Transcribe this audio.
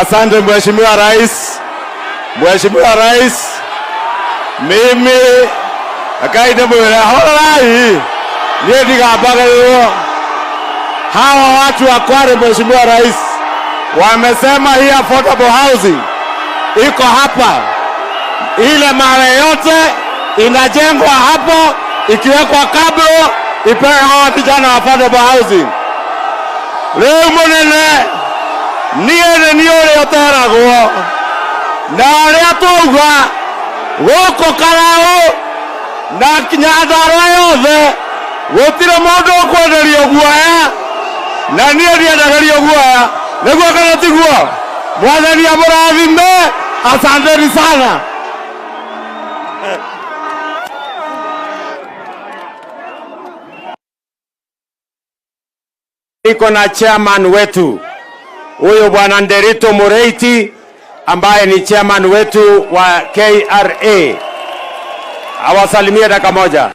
Asante Mheshimiwa Rais. Mheshimiwa Rais, mimi akaita mwele holai niye yo. Hawa watu wa Kwale, Mheshimiwa Rais, wamesema hii affordable housing iko hapa, ile mara yote inajengwa hapo, ikiwekwa kabla ipewe hawa vijana wa affordable housing. Leo munene materagwo na arĩa twauga gũkũ karaũ na nyandarũa yothe gũtirĩ mũndũ ũkwenderio guoya na niĩ ndiendagĩrio guoya nĩguo kana tiguo mwathania amũrathime asanteni sana iko na chairman wetu huyo bwana Nderito Moreiti ambaye ni chairman wetu wa KRA awasalimie dakika moja.